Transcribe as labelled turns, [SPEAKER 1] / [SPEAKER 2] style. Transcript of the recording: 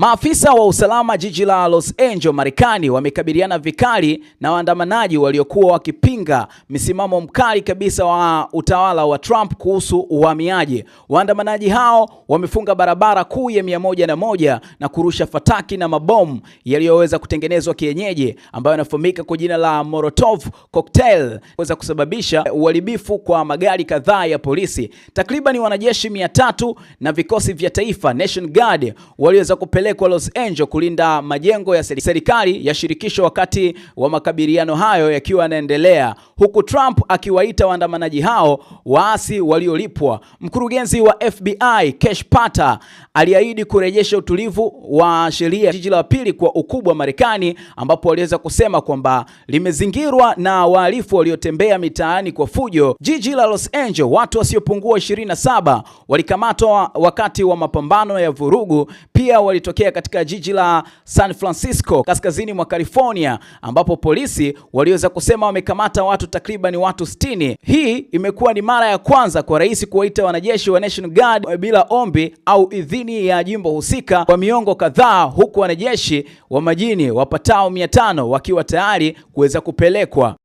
[SPEAKER 1] Maafisa wa usalama jiji la Los Angeles, Marekani wamekabiliana vikali na waandamanaji waliokuwa wakipinga msimamo mkali kabisa wa utawala wa Trump kuhusu uhamiaji. Waandamanaji hao wamefunga barabara kuu ya mia moja na moja na kurusha fataki na mabomu yaliyoweza kutengenezwa kienyeji ambayo yanafahamika kwa jina la Molotov cocktail, kuweza kusababisha uharibifu kwa magari kadhaa ya polisi. Takriban wanajeshi 300 na vikosi vya taifa National Guard waliweza kupeleka alipelekwa Los Angeles kulinda majengo ya serikali ya shirikisho wakati wa makabiliano hayo yakiwa yanaendelea, huku Trump akiwaita waandamanaji hao waasi waliolipwa. Mkurugenzi wa FBI Kesh Patel aliahidi kurejesha utulivu wa sheria jiji la pili kwa ukubwa Marekani, ambapo aliweza kusema kwamba limezingirwa na wahalifu waliotembea mitaani kwa fujo. Jiji la Los Angeles, watu wasiopungua 27 walikamatwa wakati wa mapambano ya vurugu, pia walitokea kutokea katika jiji la San Francisco kaskazini mwa California, ambapo polisi waliweza kusema wamekamata watu takriban watu 60. Hii imekuwa ni mara ya kwanza kwa rais kuwaita wanajeshi wa National Guard eh, bila ombi au idhini ya jimbo husika kwa miongo kadhaa, huku wanajeshi wa majini wapatao 500 wakiwa tayari kuweza kupelekwa